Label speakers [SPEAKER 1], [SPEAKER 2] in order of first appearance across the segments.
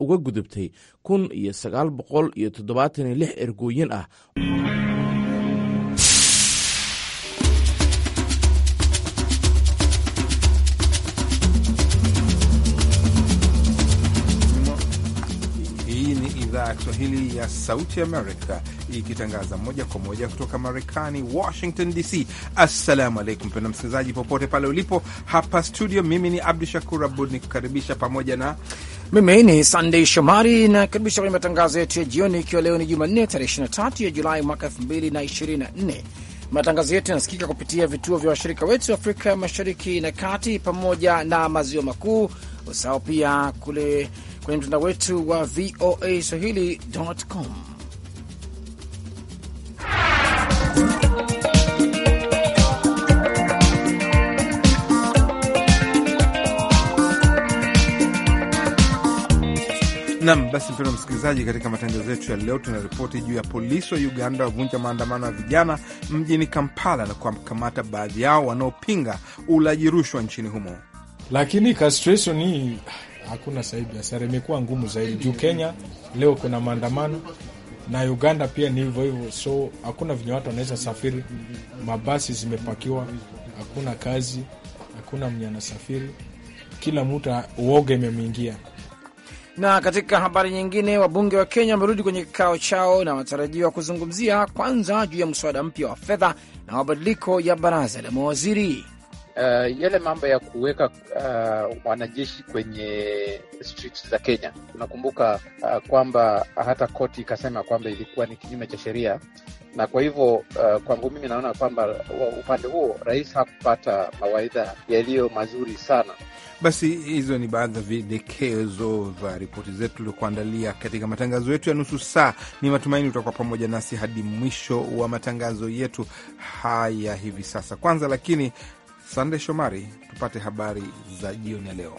[SPEAKER 1] uga gudubtay kun iyo sagaal boqol iyo toddobaatan iyo lix ergooyin ah
[SPEAKER 2] ya Kiswahili ya Sauti Amerika ikitangaza moja kwa moja kutoka Marekani, Washington DC. Assalamu alaikum penda msikilizaji, popote pale
[SPEAKER 1] ulipo. Hapa studio, mimi ni Abdu Shakur Abud ni kukaribisha pamoja na mimi ni Sandei Shomari na karibisha kwenye matangazo yetu ya jioni, ikiwa leo ni Jumanne tarehe 23 ya Julai mwaka 2024. Matangazo yetu yanasikika kupitia vituo vya washirika wetu Afrika Mashariki na Kati pamoja na Maziwa Makuu. Usao pia kule kwenye mtandao wetu wa VOA Swahili.com.
[SPEAKER 2] Nam basi, mpendwa msikilizaji, katika matangazo yetu ya leo tunaripoti juu ya polisi wa Uganda wavunja maandamano ya vijana mjini Kampala na kuwakamata baadhi yao wanaopinga ulaji rushwa nchini humo. Lakini kastresoni hakuna sahihi. Biashara imekuwa ngumu zaidi juu Kenya leo kuna maandamano na Uganda pia ni hivyo hivyo, so hakuna venye watu wanaweza safiri. Mabasi zimepakiwa, hakuna kazi, hakuna mwenye anasafiri, kila mtu uoga imemwingia.
[SPEAKER 1] Na katika habari nyingine, wabunge wa Kenya wamerudi kwenye kikao chao na wanatarajiwa kuzungumzia kwanza juu ya mswada mpya wa fedha na mabadiliko ya baraza la mawaziri. Uh, yale mambo ya kuweka uh, wanajeshi kwenye za Kenya,
[SPEAKER 2] unakumbuka uh, kwamba hata koti ikasema kwamba ilikuwa ni kinyume cha sheria, na kwa hivyo uh, kwangu mimi naona kwamba upande huo rais hakupata mawaidha yaliyo mazuri sana. Basi hizo ni baadhi ya videkezo vya ripoti zetu tuliokuandalia katika matangazo yetu ya nusu saa. Ni matumaini utakuwa pamoja nasi hadi mwisho wa matangazo yetu haya hivi sasa. Kwanza lakini Sande Shomari, tupate habari za jioni ya leo.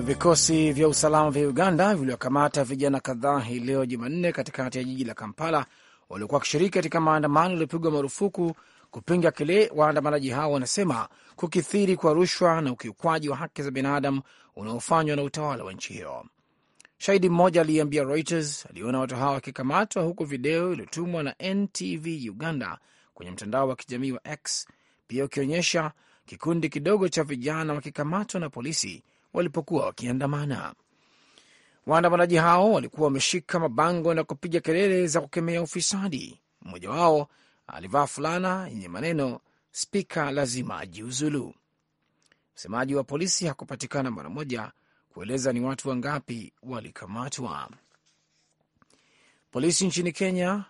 [SPEAKER 1] Vikosi vya usalama vya Uganda viliwakamata vijana kadhaa hii leo Jumanne katikati ya jiji la Kampala waliokuwa wakishiriki katika maandamano yaliyopigwa marufuku kupinga kile waandamanaji hao wanasema kukithiri kwa rushwa na ukiukwaji wa haki za binadamu unaofanywa na utawala wa nchi hiyo. Shahidi mmoja aliyeambia Reuters aliona watu hawa wakikamatwa, huku video iliyotumwa na NTV Uganda kwenye mtandao wa kijamii wa X pia ukionyesha kikundi kidogo cha vijana wakikamatwa na polisi walipokuwa wakiandamana. Waandamanaji hao walikuwa wameshika mabango na kupiga kelele za kukemea ufisadi. Mmoja wao alivaa fulana yenye maneno spika lazima ajiuzulu. Msemaji wa polisi hakupatikana mara moja kueleza ni watu wangapi walikamatwa. Polisi nchini Kenya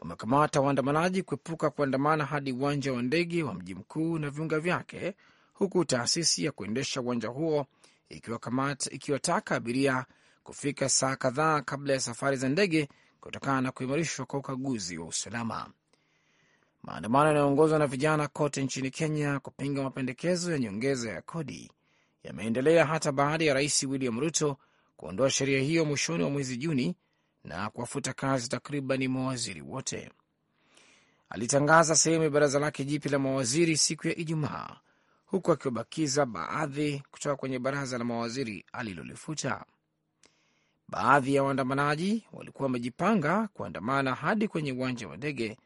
[SPEAKER 1] wamekamata waandamanaji kuepuka kuandamana hadi uwanja wa ndege wa mji mkuu na viunga vyake, huku taasisi ya kuendesha uwanja huo ikiwataka ikiwa abiria kufika saa kadhaa kabla ya safari za ndege kutokana na kuimarishwa kwa ukaguzi wa usalama. Maandamano yanayoongozwa na vijana kote nchini Kenya kupinga mapendekezo ya nyongeza ya kodi yameendelea hata baada ya rais William Ruto kuondoa sheria hiyo mwishoni wa mwezi Juni na kuwafuta kazi takriban mawaziri wote. Alitangaza sehemu ya baraza lake jipya la mawaziri siku ya Ijumaa, huku akiwabakiza baadhi kutoka kwenye baraza la mawaziri alilolifuta. Baadhi ya waandamanaji walikuwa wamejipanga kuandamana hadi kwenye uwanja wa ndege,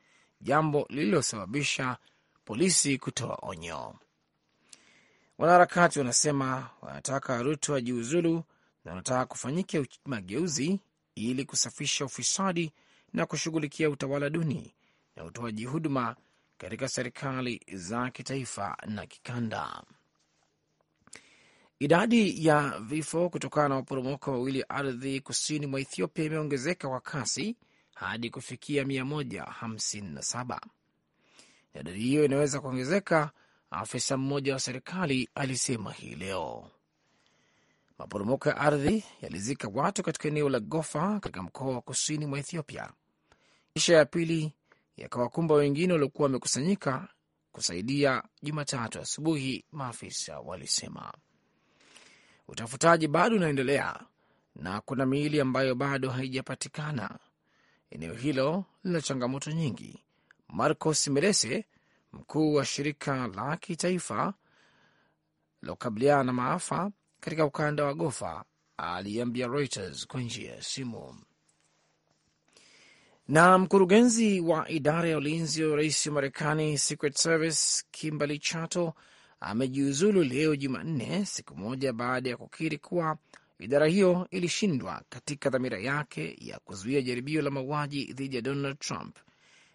[SPEAKER 1] jambo lililosababisha polisi kutoa onyo. Wanaharakati wanasema wanataka Ruto ajiuzulu na wanataka kufanyike mageuzi ili kusafisha ufisadi na kushughulikia utawala duni na utoaji huduma katika serikali za kitaifa na kikanda. Idadi ya vifo kutokana na maporomoko mawili ya ardhi kusini mwa Ethiopia imeongezeka kwa kasi hadi kufikia 157. Idadi hiyo inaweza kuongezeka afisa mmoja wa serikali alisema hii leo. Maporomoko ya ardhi yalizika watu katika eneo la Gofa katika mkoa wa kusini mwa Ethiopia, kisha ya pili yakawakumba wengine waliokuwa wamekusanyika kusaidia Jumatatu asubuhi, maafisa walisema. Utafutaji bado unaendelea na kuna miili ambayo bado haijapatikana. Eneo hilo lina changamoto nyingi. Marcos melese Mkuu wa shirika la kitaifa kukabiliana na maafa katika ukanda wa Gofa aliambia Reuters kwa njia ya simu. Na mkurugenzi wa idara ya ulinzi wa rais wa Marekani, Secret Service, Kimberly Chato amejiuzulu leo Jumanne, siku moja baada ya kukiri kuwa idara hiyo ilishindwa katika dhamira yake ya kuzuia jaribio la mauaji dhidi ya Donald Trump.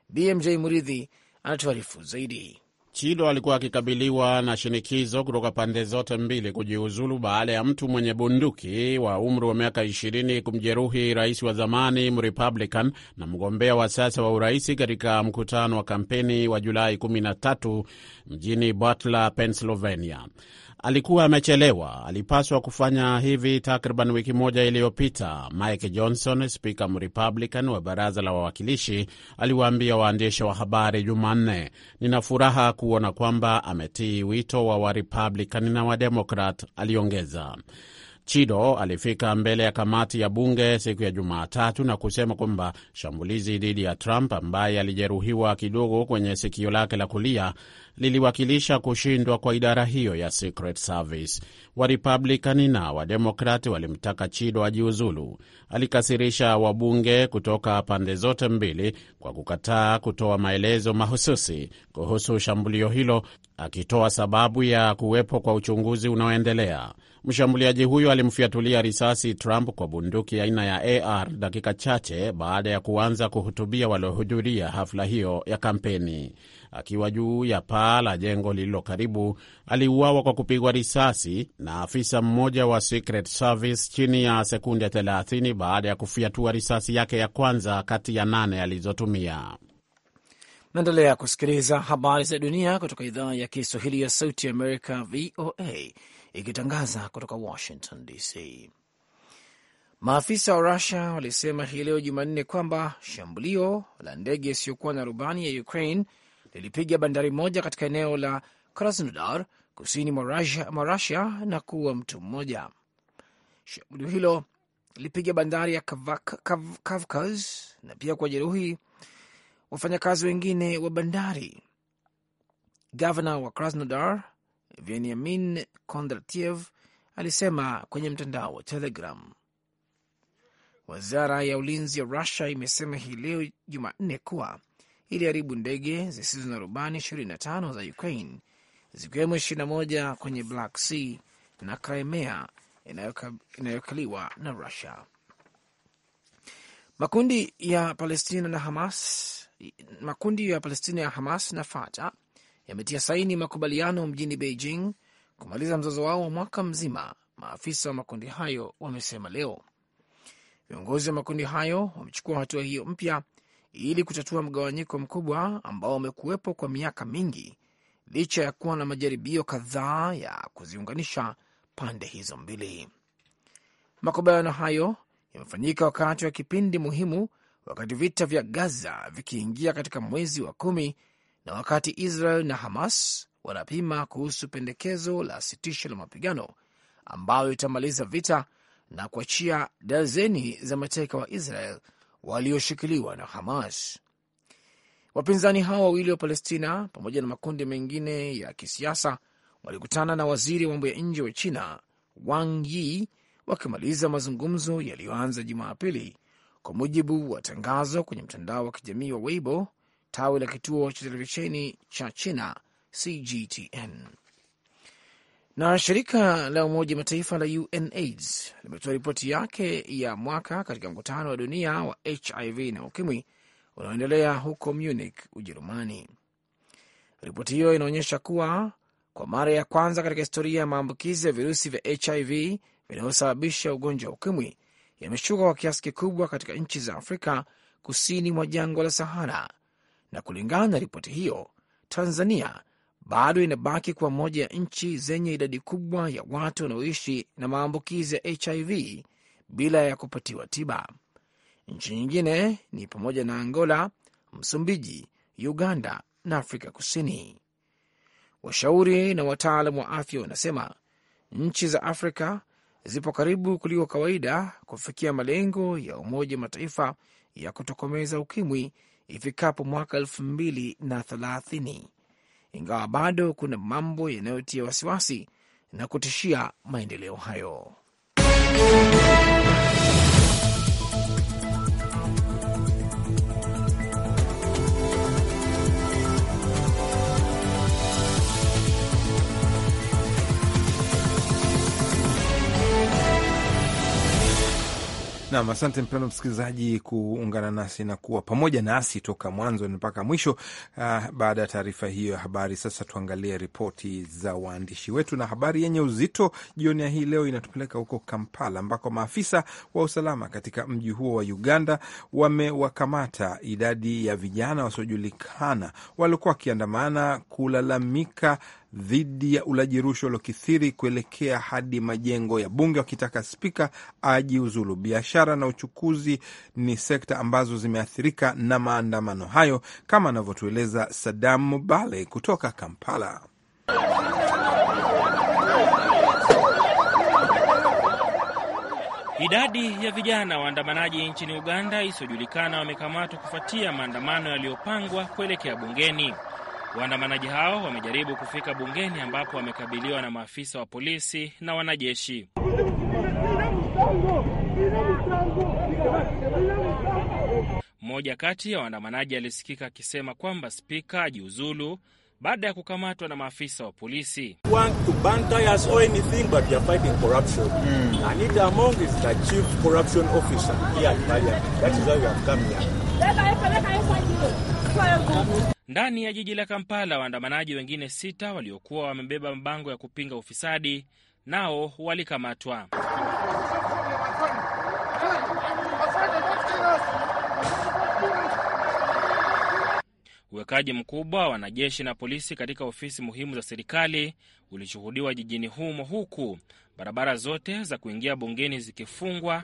[SPEAKER 1] BMJ Muridhi anatuarifu zaidi.
[SPEAKER 3] Chilo alikuwa akikabiliwa na shinikizo kutoka pande zote mbili kujiuzulu baada ya mtu mwenye bunduki wa umri wa miaka 20 kumjeruhi rais wa zamani Mrepublican na mgombea wa sasa wa uraisi katika mkutano wa kampeni wa Julai 13 mjini Butler, Pennsylvania alikuwa amechelewa. Alipaswa kufanya hivi takriban wiki moja iliyopita. Mike Johnson, spika mrepublican wa baraza la wawakilishi, aliwaambia waandishi wa habari Jumanne, nina furaha kuona kwamba ametii wito wa warepublican na wademokrat, aliongeza. Chido alifika mbele ya kamati ya bunge siku ya Jumatatu na kusema kwamba shambulizi dhidi ya Trump ambaye alijeruhiwa kidogo kwenye sikio lake la kulia liliwakilisha kushindwa kwa idara hiyo ya Secret Service. Warepublikani na Wademokrati walimtaka Chido ajiuzulu. Alikasirisha wabunge kutoka pande zote mbili kwa kukataa kutoa maelezo mahususi kuhusu shambulio hilo akitoa sababu ya kuwepo kwa uchunguzi unaoendelea. Mshambuliaji huyo alimfiatulia risasi Trump kwa bunduki aina ya AR dakika chache baada ya kuanza kuhutubia waliohudhuria hafla hiyo ya kampeni. Akiwa juu ya paa la jengo lililo karibu, aliuawa kwa kupigwa risasi na afisa mmoja wa Secret Service chini ya sekunde 30 baada ya kufiatua risasi yake ya kwanza kati ya nane alizotumia.
[SPEAKER 1] Naendelea kusikiliza habari za dunia kutoka idhaa ya Kiswahili ya Sauti ya Amerika, VOA, ikitangaza kutoka Washington DC. Maafisa wa Rusia walisema hii leo Jumanne kwamba shambulio la ndege isiyokuwa na rubani ya Ukraine lilipiga bandari moja katika eneo la Krasnodar kusini mwa Rusia na kuua mtu mmoja. Shambulio hilo lilipiga bandari ya Kavkaz na pia kwa jeruhi wafanyakazi wengine wa bandari. Gavana wa Krasnodar Veniamin Kondratiev alisema kwenye mtandao wa Telegram. Wizara ya ulinzi ya Rusia imesema hii leo Jumanne kuwa iliharibu ndege zisizo na rubani 25 za Ukraine, zikiwemo 21 kwenye Black Sea na Crimea inayokaliwa na Rusia. Makundi ya Palestina na Hamas makundi ya Palestina ya Hamas na Fatah yametia saini makubaliano mjini Beijing kumaliza mzozo wao wa mwaka mzima, maafisa wa makundi hayo wamesema leo. Viongozi wa makundi hayo wamechukua hatua hiyo mpya ili kutatua mgawanyiko mkubwa ambao wamekuwepo kwa miaka mingi licha ya kuwa na majaribio kadhaa ya kuziunganisha pande hizo mbili. Makubaliano hayo yamefanyika wakati wa kipindi muhimu wakati vita vya Gaza vikiingia katika mwezi wa kumi na wakati Israel na Hamas wanapima kuhusu pendekezo la sitisho la mapigano ambayo itamaliza vita na kuachia dazeni za mateka wa Israel walioshikiliwa na Hamas. Wapinzani hao wawili wa Palestina pamoja na makundi mengine ya kisiasa walikutana na waziri wa mambo ya nje wa China Wang Yi wakimaliza mazungumzo yaliyoanza Jumapili kwa mujibu wa tangazo kwenye mtandao wa kijamii wa Weibo, tawi la kituo cha televisheni cha China CGTN. Na shirika la Umoja Mataifa la UNAIDS limetoa ripoti yake ya mwaka katika mkutano wa dunia wa HIV na ukimwi unaoendelea huko Munich, Ujerumani. Ripoti hiyo inaonyesha kuwa kwa mara ya kwanza katika historia ya maambukizi ya virusi vya HIV vinayosababisha ugonjwa wa ukimwi yameshuka kwa kiasi kikubwa katika nchi za Afrika kusini mwa jangwa la Sahara, na kulingana na ripoti hiyo, Tanzania bado inabaki kuwa moja ya nchi zenye idadi kubwa ya watu wanaoishi na maambukizi ya HIV bila ya kupatiwa tiba. Nchi nyingine ni pamoja na Angola, Msumbiji, Uganda na Afrika Kusini. Washauri na wataalam wa afya wanasema nchi za Afrika zipo karibu kuliko kawaida kufikia malengo ya Umoja wa Mataifa ya kutokomeza ukimwi ifikapo mwaka elfu mbili na thelathini, ingawa bado kuna mambo yanayotia wasiwasi na kutishia maendeleo hayo.
[SPEAKER 2] Nam, asante mpendo msikilizaji kuungana nasi na kuwa pamoja nasi toka mwanzo mpaka mwisho. Uh, baada ya taarifa hiyo ya habari, sasa tuangalie ripoti za waandishi wetu, na habari yenye uzito jioni ya hii leo inatupeleka huko Kampala ambako maafisa wa usalama katika mji huo wa Uganda wamewakamata idadi ya vijana wasiojulikana waliokuwa wakiandamana kulalamika dhidi ya ulaji rushwa uliokithiri kuelekea hadi majengo ya bunge wakitaka spika ajiuzulu. Biashara na uchukuzi ni sekta ambazo zimeathirika na maandamano hayo, kama anavyotueleza Sadam Mubale kutoka Kampala.
[SPEAKER 4] Idadi ya vijana waandamanaji nchini Uganda isiyojulikana wamekamatwa kufuatia maandamano yaliyopangwa kuelekea bungeni. Waandamanaji hao wamejaribu kufika bungeni ambapo wamekabiliwa na maafisa wa polisi na wanajeshi. Mmoja kati ya waandamanaji alisikika akisema kwamba spika ajiuzulu baada ya kukamatwa na maafisa wa polisi. Ndani ya jiji la Kampala, waandamanaji wengine sita waliokuwa wamebeba mabango ya kupinga ufisadi nao walikamatwa. Uwekaji mkubwa wa wanajeshi na polisi katika ofisi muhimu za serikali ulishuhudiwa jijini humo, huku barabara zote za kuingia bungeni zikifungwa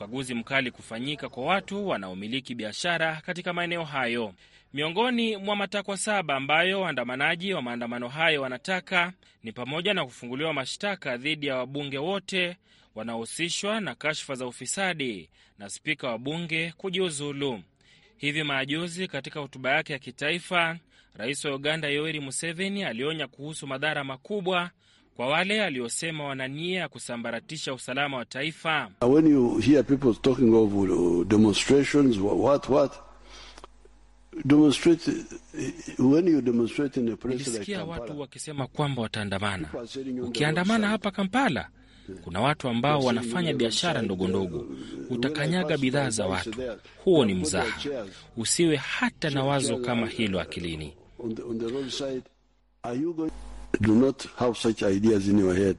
[SPEAKER 4] ukaguzi mkali kufanyika kwa watu wanaomiliki biashara katika maeneo hayo. Miongoni mwa matakwa saba ambayo waandamanaji wa maandamano hayo wanataka ni pamoja na kufunguliwa mashtaka dhidi ya wabunge wote wanaohusishwa na kashfa za ufisadi na spika wa bunge kujiuzulu. Hivi majuzi katika hotuba yake ya kitaifa, rais wa Uganda Yoweri Museveni alionya kuhusu madhara makubwa kwa wale aliosema wana nia ya kusambaratisha usalama wa taifa.
[SPEAKER 3] When you hear people talking of uh, demonstrations, what, what, uh, nilisikia like
[SPEAKER 4] watu wakisema kwamba wataandamana. Ukiandamana hapa Kampala kuna watu ambao wanafanya biashara ndogo ndogo, utakanyaga bidhaa za watu.
[SPEAKER 3] Huo ni mzaha,
[SPEAKER 4] usiwe hata na wazo kama hilo akilini
[SPEAKER 3] do not have such ideas in your head.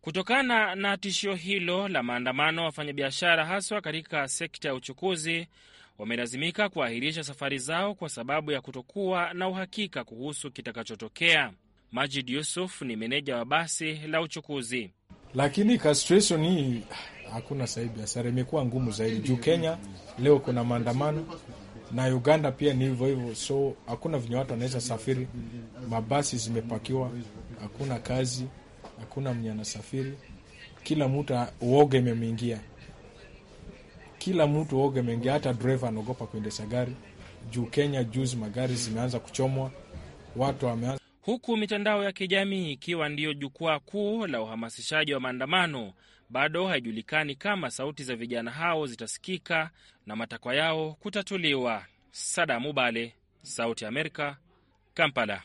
[SPEAKER 4] Kutokana na tishio hilo la maandamano, wafanyabiashara haswa katika sekta ya uchukuzi wamelazimika kuahirisha safari zao kwa sababu ya kutokuwa na uhakika kuhusu kitakachotokea. Majid Yusuf ni meneja wa basi la uchukuzi.
[SPEAKER 5] Lakini
[SPEAKER 2] kastration hii hakuna sahii, biashara imekuwa ngumu zaidi juu Kenya leo kuna maandamano, na Uganda pia ni hivyo hivyo, so hakuna venye watu wanaweza safiri. Mabasi zimepakiwa, hakuna kazi, hakuna mwenye anasafiri. Kila mtu uoga imemwingia, kila mtu uoga imeingia, hata dreva anaogopa kuendesha gari juu Kenya juzi magari zimeanza kuchomwa, watu wameanza
[SPEAKER 4] huku mitandao ya kijamii ikiwa ndiyo jukwaa kuu la uhamasishaji wa maandamano bado haijulikani kama sauti za vijana hao zitasikika na matakwa yao kutatuliwa. Sada Mubale, Sauti ya Amerika, Kampala.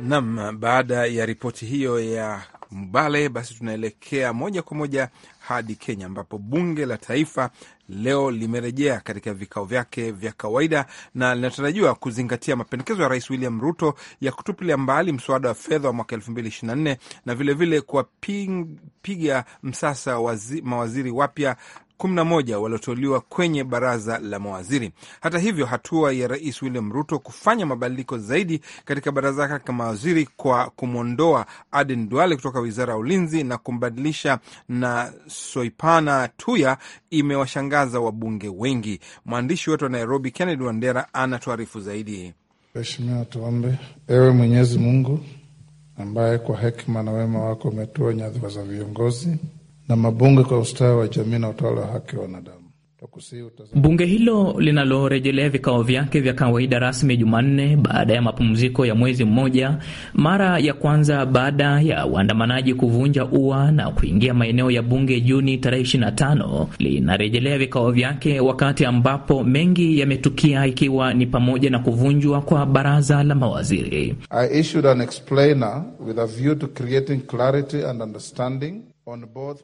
[SPEAKER 2] Nam, baada ya ripoti hiyo ya Mbale, basi tunaelekea moja kwa moja hadi Kenya ambapo bunge la taifa leo limerejea katika vikao vyake vya kawaida na linatarajiwa kuzingatia mapendekezo ya Rais William Ruto ya kutupilia mbali mswada wa fedha wa mwaka 224 na vilevile kuwapiga msasa wazi, mawaziri wapya 11 walioteuliwa kwenye baraza la mawaziri. Hata hivyo, hatua ya Rais William Ruto kufanya mabadiliko zaidi katika baraza lake la mawaziri kwa kumwondoa Aden Duale kutoka wizara ya ulinzi na kumbadilisha na Soipana Tuya imewashangaza wabunge wengi. Mwandishi wetu wa Nairobi, Kennedy Wandera, anatuarifu zaidi. Mheshimiwa, tuombe. Ewe Mwenyezi Mungu ambaye kwa hekima na wema wako umetua nyadhifa za viongozi na mabunge kwa ustawi wa jamii na utawala wa haki wa wanadamu. Bunge hilo
[SPEAKER 6] linalorejelea vikao vyake vya kawaida rasmi Jumanne baada ya mapumziko ya mwezi mmoja, mara ya kwanza baada ya waandamanaji kuvunja ua na kuingia maeneo ya bunge Juni tarehe 25, linarejelea vikao vyake wakati ambapo mengi yametukia, ikiwa ni pamoja na kuvunjwa kwa baraza la mawaziri.
[SPEAKER 3] I issued an
[SPEAKER 2] explainer with a view to creating clarity and understanding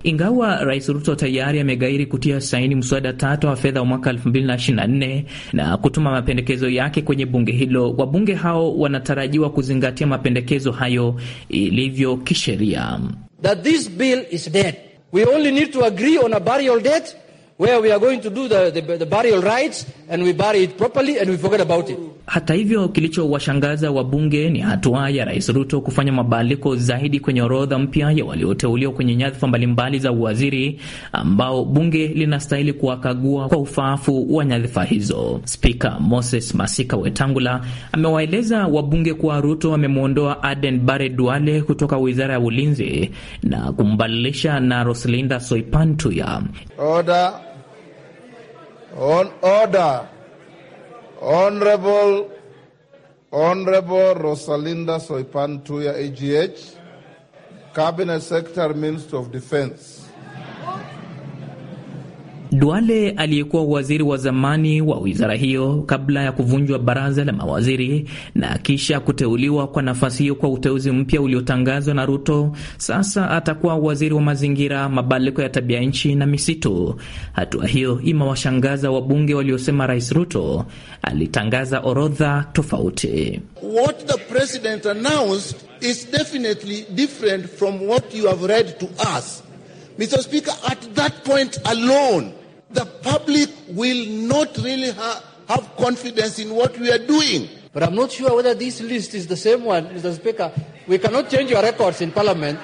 [SPEAKER 2] ingawa
[SPEAKER 6] Rais Ruto tayari amegairi kutia saini mswada tatu wa fedha wa mwaka 2024 na kutuma mapendekezo yake kwenye bunge hilo, wabunge hao wanatarajiwa kuzingatia mapendekezo hayo ilivyo kisheria
[SPEAKER 5] where we are going to do the, the, the burial rites and we bury it properly and we forget about it.
[SPEAKER 6] Hata hivyo kilichowashangaza wabunge ni hatua ya Rais Ruto kufanya mabadiliko zaidi kwenye orodha mpya ya walioteuliwa kwenye nyadhifa mbalimbali za uwaziri ambao bunge linastahili kuwakagua kwa ufaafu wa nyadhifa hizo. Spika Moses Masika Wetangula amewaeleza wabunge kuwa Ruto amemwondoa Aden Bare Duale kutoka wizara ya ulinzi na kumbadilisha na Roslinda Soipantuya
[SPEAKER 2] Order. On order, Honorable, Honorable Rosalinda Soipantuya, AGH, Cabinet Secretary, Minister of Defense.
[SPEAKER 6] Duale aliyekuwa waziri wa zamani wa wizara hiyo kabla ya kuvunjwa baraza la mawaziri na kisha kuteuliwa kwa nafasi hiyo kwa uteuzi mpya uliotangazwa na Ruto, sasa atakuwa waziri wa mazingira, mabadiliko ya tabia nchi na misitu. Hatua hiyo imewashangaza wabunge waliosema Rais Ruto alitangaza orodha tofauti.
[SPEAKER 3] What the president announced
[SPEAKER 2] is definitely different from what you have read to us. Mr. Speaker,
[SPEAKER 3] at that point alone the public will not really ha- have confidence in what we are doing. But I'm not sure whether this list is the same one, Mr. Speaker. We cannot change your records in Parliament.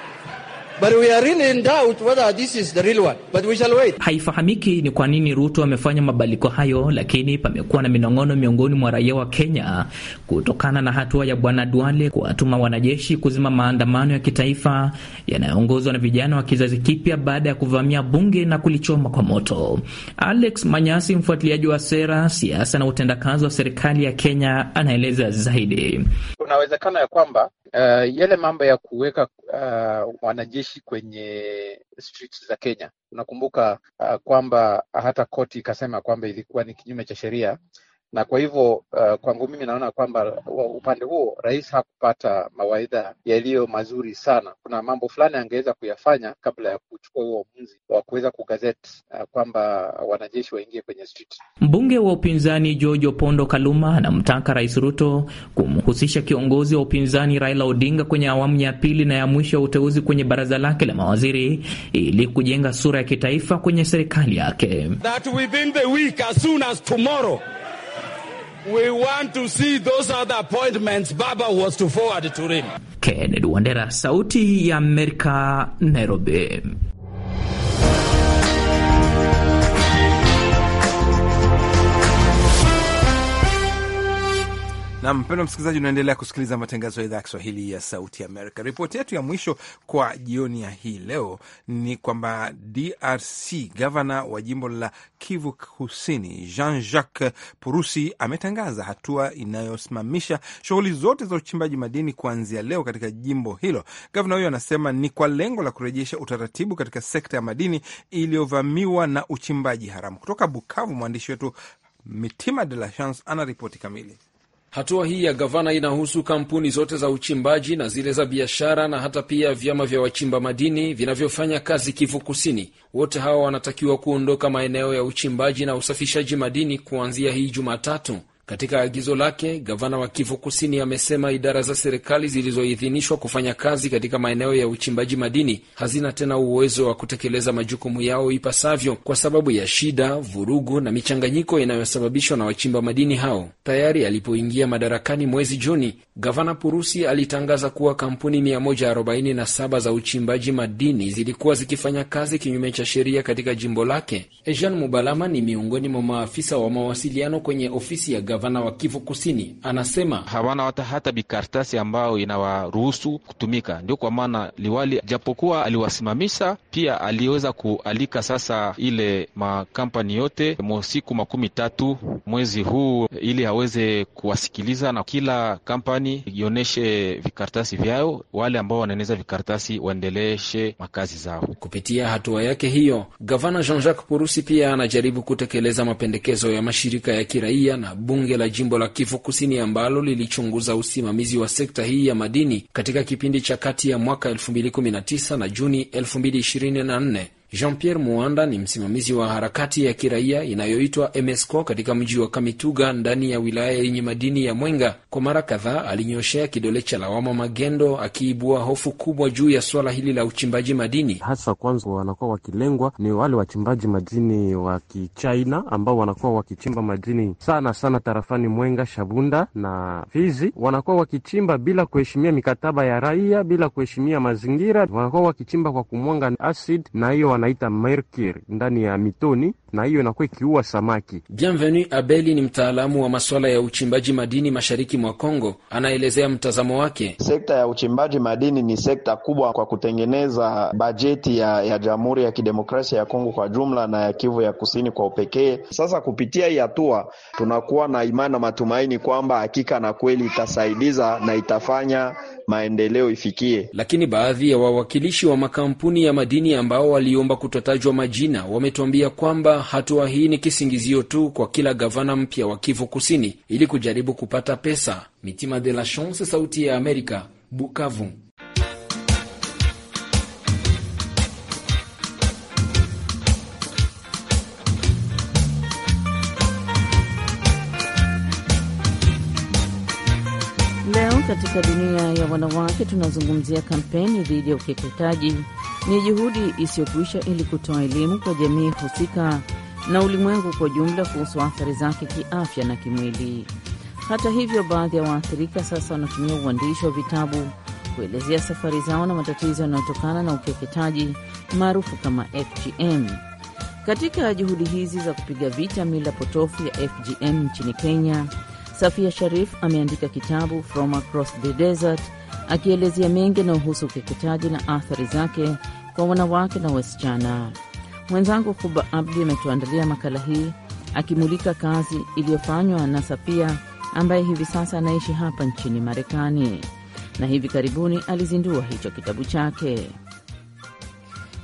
[SPEAKER 6] Haifahamiki ni kwa nini Ruto amefanya mabadiliko hayo, lakini pamekuwa na minong'ono miongoni mwa raia wa Kenya kutokana na hatua ya Bwana Duale kuwatuma wanajeshi kuzima maandamano ya kitaifa yanayoongozwa na vijana wa kizazi kipya baada ya kuvamia bunge na kulichoma kwa moto. Alex Manyasi, mfuatiliaji wa sera, siasa na utendakazi wa serikali ya Kenya, anaeleza zaidi
[SPEAKER 2] kuna uwezekano ya kwamba uh, yale mambo ya kuweka uh, wanajeshi kwenye streets za Kenya, unakumbuka uh, kwamba hata koti ikasema kwamba ilikuwa ni kinyume cha sheria na kwa hivyo uh, kwangu mimi naona kwamba upande huo rais hakupata mawaidha yaliyo mazuri sana. Kuna mambo fulani angeweza kuyafanya kabla ya kuchukua huo uamuzi wa kuweza kugazeti uh, kwamba wanajeshi waingie kwenye street.
[SPEAKER 6] Mbunge wa upinzani George Opondo Kaluma anamtaka Rais Ruto kumhusisha kiongozi wa upinzani Raila Odinga kwenye awamu ya pili na ya mwisho ya uteuzi kwenye baraza lake la mawaziri ili kujenga sura ya kitaifa kwenye serikali yake
[SPEAKER 4] That We want to see those other appointments Baba was to forward to him.
[SPEAKER 6] Kennedy Wandera, Sauti ya Amerika, Nairobi.
[SPEAKER 2] Na mpendo msikilizaji, unaendelea kusikiliza matangazo ya idhaa ya Kiswahili ya Sauti Amerika. Ripoti yetu ya mwisho kwa jioni ya hii leo ni kwamba DRC, gavana wa jimbo la Kivu Kusini Jean-Jacques Purusi ametangaza hatua inayosimamisha shughuli zote za uchimbaji madini kuanzia leo katika jimbo hilo. Gavana huyo anasema ni kwa lengo la kurejesha utaratibu katika sekta ya madini iliyovamiwa na uchimbaji haramu. Kutoka Bukavu, mwandishi wetu Mitima de la
[SPEAKER 5] Chance ana ripoti kamili. Hatua hii ya gavana inahusu kampuni zote za uchimbaji na zile za biashara na hata pia vyama vya wachimba madini vinavyofanya kazi Kivu Kusini. Wote hawa wanatakiwa kuondoka maeneo ya uchimbaji na usafishaji madini kuanzia hii Jumatatu. Katika agizo lake, gavana wa Kivu Kusini amesema idara za serikali zilizoidhinishwa kufanya kazi katika maeneo ya uchimbaji madini hazina tena uwezo wa kutekeleza majukumu yao ipasavyo kwa sababu ya shida, vurugu na michanganyiko inayosababishwa na wachimba madini hao. Tayari alipoingia madarakani mwezi Juni, gavana Purusi alitangaza kuwa kampuni 147 za uchimbaji madini zilikuwa zikifanya kazi kinyume cha sheria katika jimbo lake. Ejean Mubalama ni miongoni mwa maafisa wa mawasiliano kwenye ofisi ya gavana wa Kivu Kusini, anasema hawana hata bikartasi ambayo inawaruhusu
[SPEAKER 4] kutumika. Ndio kwa maana liwali, japokuwa aliwasimamisha, pia aliweza kualika sasa ile makampani yote mosiku makumi tatu mwezi huu, ili aweze kuwasikiliza na kila kampani ionyeshe vikartasi
[SPEAKER 5] vyao, wale ambao wanaeneza vikartasi waendeleshe makazi zao. Kupitia hatua yake hiyo, gavana Jean Jacques Purusi pia anajaribu kutekeleza mapendekezo ya mashirika ya kiraia na bunge bunge la jimbo la Kivu Kusini ambalo lilichunguza usimamizi wa sekta hii ya madini katika kipindi cha kati ya mwaka 2019 na Juni Jean-Pierre Muanda ni msimamizi wa harakati ya kiraia inayoitwa MSCO katika mji wa Kamituga ndani ya wilaya yenye madini ya Mwenga. Kwa mara kadhaa alinyoshea kidole cha lawama magendo, akiibua hofu kubwa juu ya swala hili la uchimbaji madini. Hasa kwanza wanakuwa wakilengwa
[SPEAKER 4] ni wale wachimbaji madini wa Kichina ambao wanakuwa wakichimba madini sana sana tarafani Mwenga, Shabunda na Fizi. Wanakuwa wakichimba bila kuheshimia mikataba ya raia, bila kuheshimia mazingira, wanakuwa wakichimba kwa kumwanga acid na hiyo wanaita merkir ndani ya mitoni, na hiyo inakuwa ikiua samaki.
[SPEAKER 5] Bienvenu Abeli ni mtaalamu wa masuala ya uchimbaji madini mashariki mwa Kongo, anaelezea mtazamo wake. Sekta ya uchimbaji madini ni sekta kubwa kwa kutengeneza bajeti ya, ya Jamhuri ya Kidemokrasia ya Kongo kwa jumla na ya Kivu ya Kusini kwa upekee. Sasa kupitia hii hatua tunakuwa na imani na matumaini kwamba hakika na kweli itasaidiza na itafanya maendeleo ifikie. Lakini baadhi ya wawakilishi wa makampuni ya madini ambao waliomba kutotajwa majina wametuambia kwamba hatua hii ni kisingizio tu kwa kila gavana mpya wa Kivu Kusini ili kujaribu kupata pesa. Mitima de la Chance, Sauti ya Amerika, Bukavu.
[SPEAKER 7] katika dunia ya wanawake tunazungumzia kampeni dhidi ya ukeketaji. Ni juhudi isiyokuisha ili kutoa elimu kwa jamii husika na ulimwengu kwa jumla kuhusu athari zake kiafya na kimwili. Hata hivyo, baadhi ya waathirika sasa wanatumia uandishi wa vitabu kuelezea safari zao na matatizo yanayotokana na ukeketaji maarufu kama FGM. Katika juhudi hizi za kupiga vita mila potofu ya FGM nchini Kenya, Safia Sharif ameandika kitabu From Across the Desert akielezea mengi yanayohusu ukeketaji na athari zake kwa wanawake na wasichana. Mwenzangu kuba Abdi ametuandalia makala hii akimulika kazi iliyofanywa na Safia ambaye hivi sasa anaishi hapa nchini Marekani na hivi karibuni alizindua hicho kitabu chake.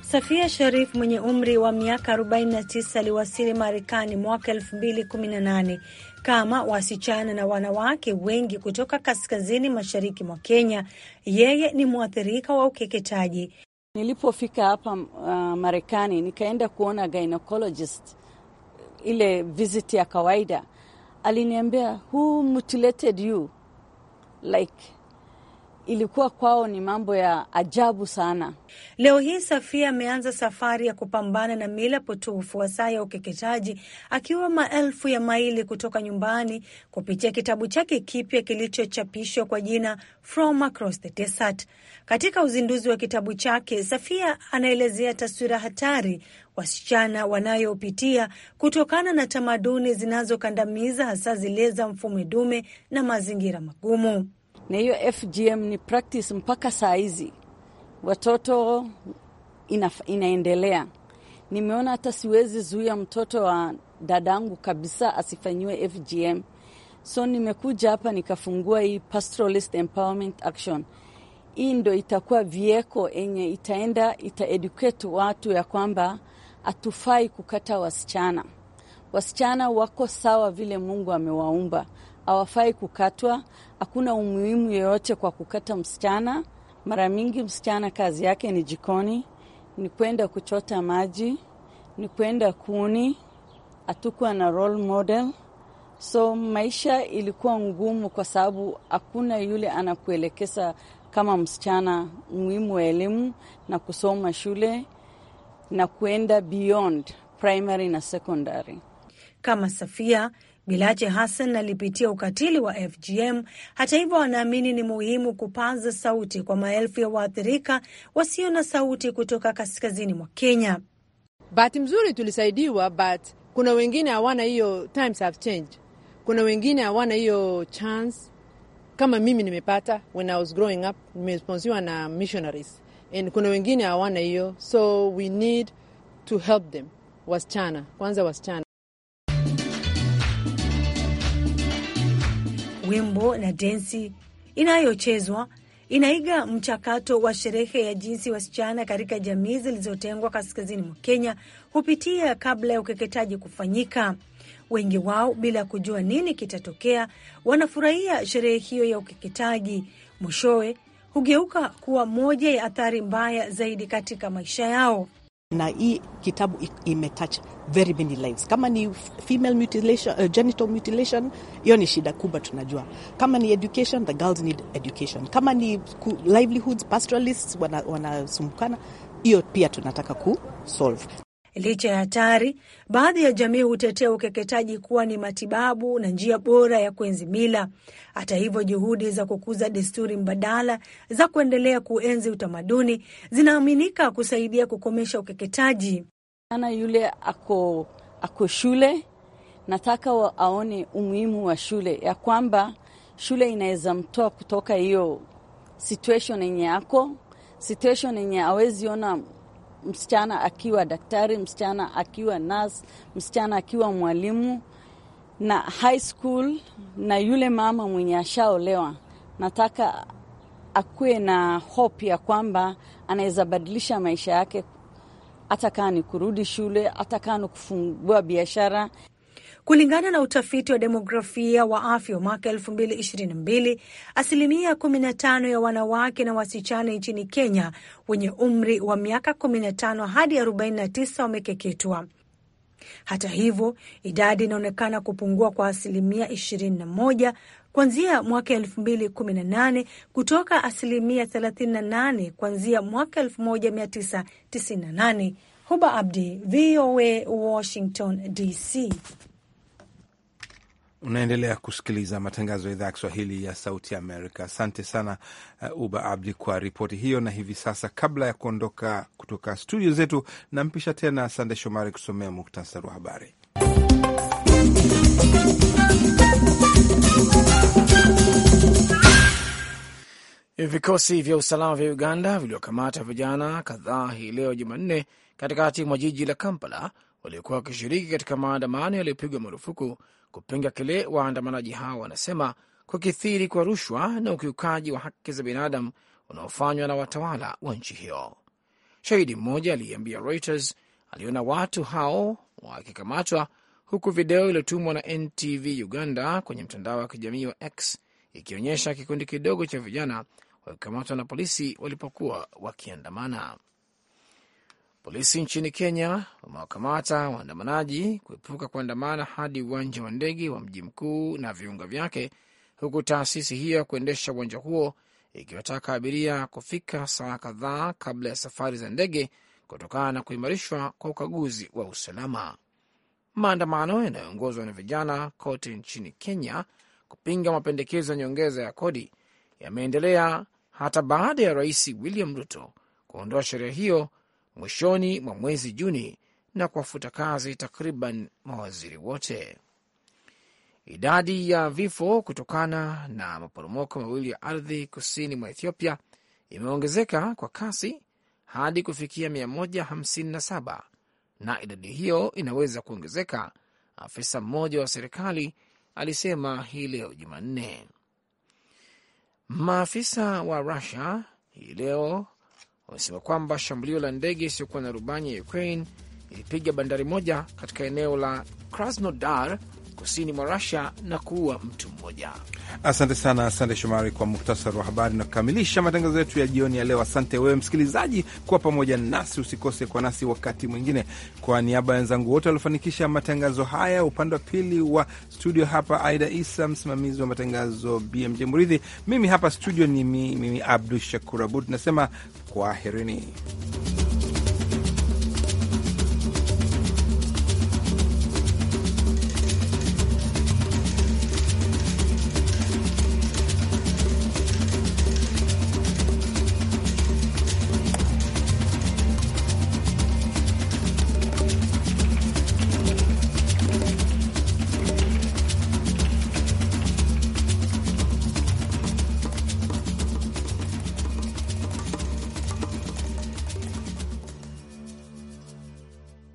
[SPEAKER 8] Safia Sharif mwenye umri wa miaka 49 aliwasili Marekani mwaka 2018 kama wasichana na wanawake wengi kutoka kaskazini mashariki mwa Kenya. Yeye
[SPEAKER 7] ni mwathirika wa ukeketaji. Nilipofika hapa uh, Marekani nikaenda kuona gynecologist, ile visit ya kawaida, aliniambia who mutilated you like ilikuwa kwao ni mambo ya ajabu sana.
[SPEAKER 8] Leo hii Safia ameanza safari ya
[SPEAKER 7] kupambana
[SPEAKER 8] na mila potofu hasa ya ukeketaji, akiwa maelfu ya maili kutoka nyumbani kupitia kitabu chake kipya kilichochapishwa kwa jina From Across the Desert. Katika uzinduzi wa kitabu chake, Safia anaelezea taswira hatari wasichana wanayopitia kutokana na tamaduni zinazokandamiza, hasa zile
[SPEAKER 7] za mfumo dume na mazingira magumu na hiyo FGM ni practice mpaka saa hizi watoto ina, inaendelea. Nimeona hata siwezi zuia mtoto wa dadangu kabisa asifanyiwe FGM, so nimekuja hapa nikafungua hii Pastoralist Empowerment Action. Hii ndo itakuwa vieko enye itaenda educate watu ya kwamba hatufai kukata wasichana. Wasichana wako sawa vile Mungu amewaumba, hawafai kukatwa hakuna umuhimu yoyote kwa kukata msichana. Mara mingi msichana kazi yake ni jikoni, ni kwenda kuchota maji, ni kwenda kuni. Hatukuwa na role model, so maisha ilikuwa ngumu, kwa sababu hakuna yule anakuelekeza kama msichana umuhimu wa elimu na kusoma shule na kuenda beyond primary na secondary kama Safia Bilache Hassan
[SPEAKER 8] alipitia ukatili wa FGM. Hata hivyo, anaamini ni muhimu kupaza sauti kwa maelfu ya waathirika wasio na sauti kutoka kaskazini mwa Kenya. Bahati mzuri tulisaidiwa, but kuna wengine hawana hiyo, times have changed. Kuna wengine hawana hiyo chance kama mimi nimepata when I was growing up, nimesponsiwa na missionaries and kuna wengine hawana hiyo, so we need to help them wasichana kwanza, wasichana wimbo na densi inayochezwa inaiga mchakato wa sherehe ya jinsi wasichana katika jamii zilizotengwa kaskazini mwa Kenya hupitia kabla ya ukeketaji kufanyika. Wengi wao bila kujua nini kitatokea, wanafurahia sherehe hiyo ya ukeketaji, mwishowe hugeuka kuwa moja ya athari mbaya zaidi katika maisha yao na hii kitabu imetouch very many lives. Kama ni female mutilation, uh, genital mutilation, hiyo ni shida kubwa tunajua. Kama ni education, the girls need education. Kama ni livelihoods, pastoralists wanasumbukana, wana hiyo pia tunataka kusolve. Licha ya hatari, baadhi ya jamii hutetea ukeketaji kuwa ni matibabu na njia bora ya kuenzi mila. Hata hivyo, juhudi za kukuza desturi mbadala za kuendelea kuenzi utamaduni zinaaminika kusaidia kukomesha ukeketaji.
[SPEAKER 7] Ana yule ako, ako shule, nataka aone umuhimu wa shule ya kwamba shule inaweza mtoa kutoka hiyo situation yenye ako situation yenye awezi ona msichana akiwa daktari, msichana akiwa nurse, msichana akiwa mwalimu na high school, na yule mama mwenye ashaolewa, nataka akuwe na hope ya kwamba anaweza badilisha maisha yake, hata kaa ni kurudi shule, hata kaa ni kufungua biashara. Kulingana na utafiti wa demografia
[SPEAKER 8] wa afya mwaka 2022, asilimia 15 ya wanawake na wasichana nchini Kenya wenye umri wa miaka 15 hadi 49 wamekeketwa. Hata hivyo, idadi inaonekana kupungua kwa asilimia 21 kuanzia mwaka 2018 kutoka asilimia 38 kuanzia mwaka 1998. Huba Abdi, VOA, Washington DC.
[SPEAKER 2] Unaendelea kusikiliza matangazo ya idhaa ya Kiswahili ya Sauti ya Amerika. Asante sana uh, Uba Abdi kwa ripoti hiyo. Na hivi sasa, kabla ya kuondoka kutoka studio zetu, nampisha tena Sande Shomari kusomea muktasari wa habari.
[SPEAKER 1] Vikosi vya usalama vya Uganda viliokamata vijana kadhaa hii leo Jumanne katikati mwa jiji la Kampala waliokuwa wakishiriki katika maandamano yaliyopigwa marufuku kupinga kile waandamanaji hao wanasema kukithiri kwa rushwa na ukiukaji wa haki za binadamu unaofanywa na watawala wa nchi hiyo. Shahidi mmoja aliyeambia Reuters aliona watu hao wakikamatwa, huku video iliyotumwa na NTV Uganda kwenye mtandao wa kijamii wa X ikionyesha kikundi kidogo cha vijana wakikamatwa na polisi walipokuwa wakiandamana. Polisi nchini Kenya wamewakamata waandamanaji kuepuka kuandamana hadi uwanja wa ndege wa mji mkuu na viunga vyake, huku taasisi hiyo ya kuendesha uwanja huo ikiwataka abiria kufika saa kadhaa kabla ya safari za ndege kutokana na kuimarishwa kwa ukaguzi wa usalama. Maandamano yanayoongozwa na vijana kote nchini Kenya kupinga mapendekezo ya nyongeza ya kodi yameendelea hata baada ya Rais William Ruto kuondoa sheria hiyo mwishoni mwa mwezi Juni na kuwafuta kazi takriban mawaziri wote. Idadi ya vifo kutokana na maporomoko mawili ya ardhi kusini mwa Ethiopia imeongezeka kwa kasi hadi kufikia 157 na idadi hiyo inaweza kuongezeka, afisa mmoja wa serikali alisema hii leo Jumanne. Maafisa wa Rusia hii leo wamesema kwamba shambulio la ndege isiyokuwa na rubani ya Ukraine ilipiga bandari moja katika eneo la Krasnodar kusini mwa Rusia na kuua mtu mmoja.
[SPEAKER 2] Asante sana, asante Shomari, kwa muktasari wa habari na kukamilisha matangazo yetu ya jioni ya leo. Asante wewe msikilizaji kuwa pamoja nasi, usikose kwa nasi wakati mwingine. Kwa niaba ya wenzangu wote waliofanikisha matangazo haya, upande wa pili wa studio hapa Aida Isa, msimamizi wa matangazo BMJ Muridhi, mimi hapa studio ni mimi Abdu Shakur Abud nasema kwaherini.